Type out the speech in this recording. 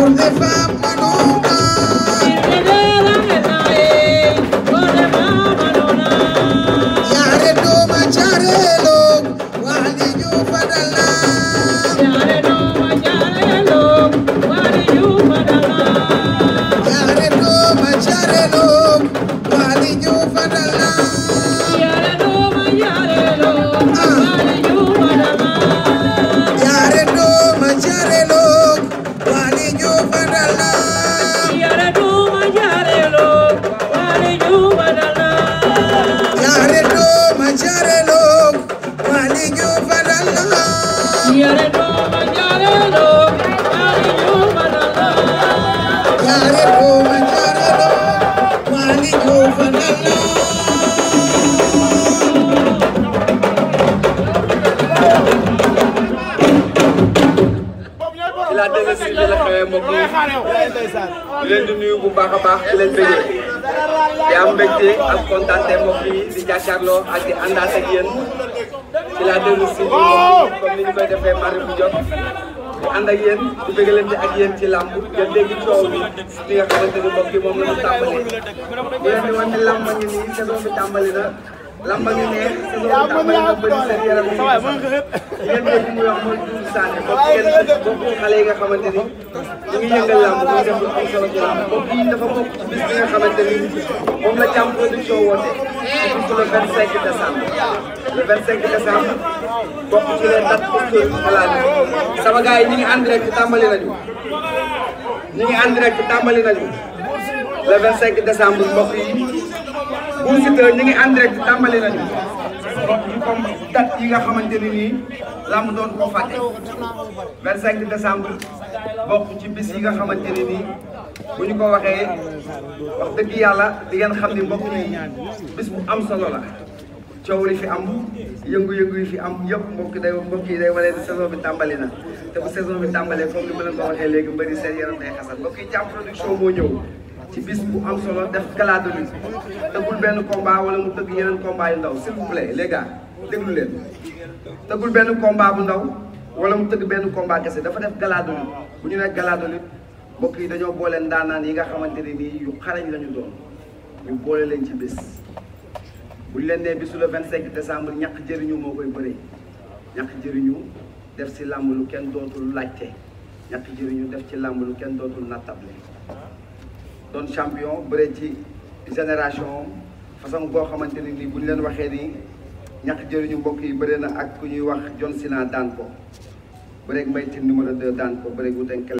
Wonderful. di leen di nuyu bu baax a baax di leen bëggee di am mbégte ak kontaan mbokk yi di jàkkaarloo ak di àndaat ak yéen. ila de musu ko min ba defé mari bu jot and ak yeen di begalen di ak yeen ci lamb ya legi ciow ni nga xamanteni mbokk mom la tambalé ñu wone lamb ñu ni ci do tambalé na lamba ñu neex. yaa mën yaa am doole sa waay mën nga xëpp. ngeen mooy li muy wax mooy Doudou Sané bokk ngeen bokk xale yi nga xamante ni ñu ngi yëngal làmb muy def lu am solo ci làmb bokk yi dafa bokk bis bi nga xamante ni moom la jàmm production woote. surtout le 25 décembre. le 25 décembre bokk ci les dates postures xalaat yi. sama gars yi ñu ngi en direct tàmbali nañu. ñu ngi en direct tàmbali nañu. le 25 décembre mbokk yi. Bou Siteu ñu ngi en direct tàmbali nañu comme date yi nga xamante ni nii lamb doon ko fàtte 25 décembre bokk ci bis yi nga xamante ni nii bu ñu ko waxee wax dëgg yàlla di ngeen xam ni mbokk yi bis bu am solo la coow li fi am yëngu-yëngu yi fi am yëpp mbokk day mbokk yi day walee ni saison bi tàmbali na te bu saison bi tàmbalee comme ni ma leen ko waxee léegi mbëri seen yaram day xasal mbokk yi jàmm production moo ñëw ci bis bu am solo def gala de lutte tëggul benn combat wala mu tëgg yeneen combat yu ndaw s'il vous plaît les gars déglu leen tëggul benn combat bu ndaw wala mu tëgg benn combat kese dafa def gala bu ñu nekk gala de lutte mbokk yi dañoo boole ndaanaan yi nga xamante ne nii yu xarañ lañu doon ñu boole leen ci bis bu ñu leen nee bisu le 25 décembre ñàkk jëriñu moo koy bëree ñàkk jëriñu def si làmb lu kenn dootul laajte ñàkk jëriñu def ci làmb lu kenn dootul nattable doon champion bëre ci génération façon boo xamante ne nii bu ñu leen waxee nii ñàkk jëriñu mbokk yi bëre na ak ku ñuy wax John Sina daan ko bëreeg Mbaye Tine numéro 2 daan ko bëreeg Woutenkel.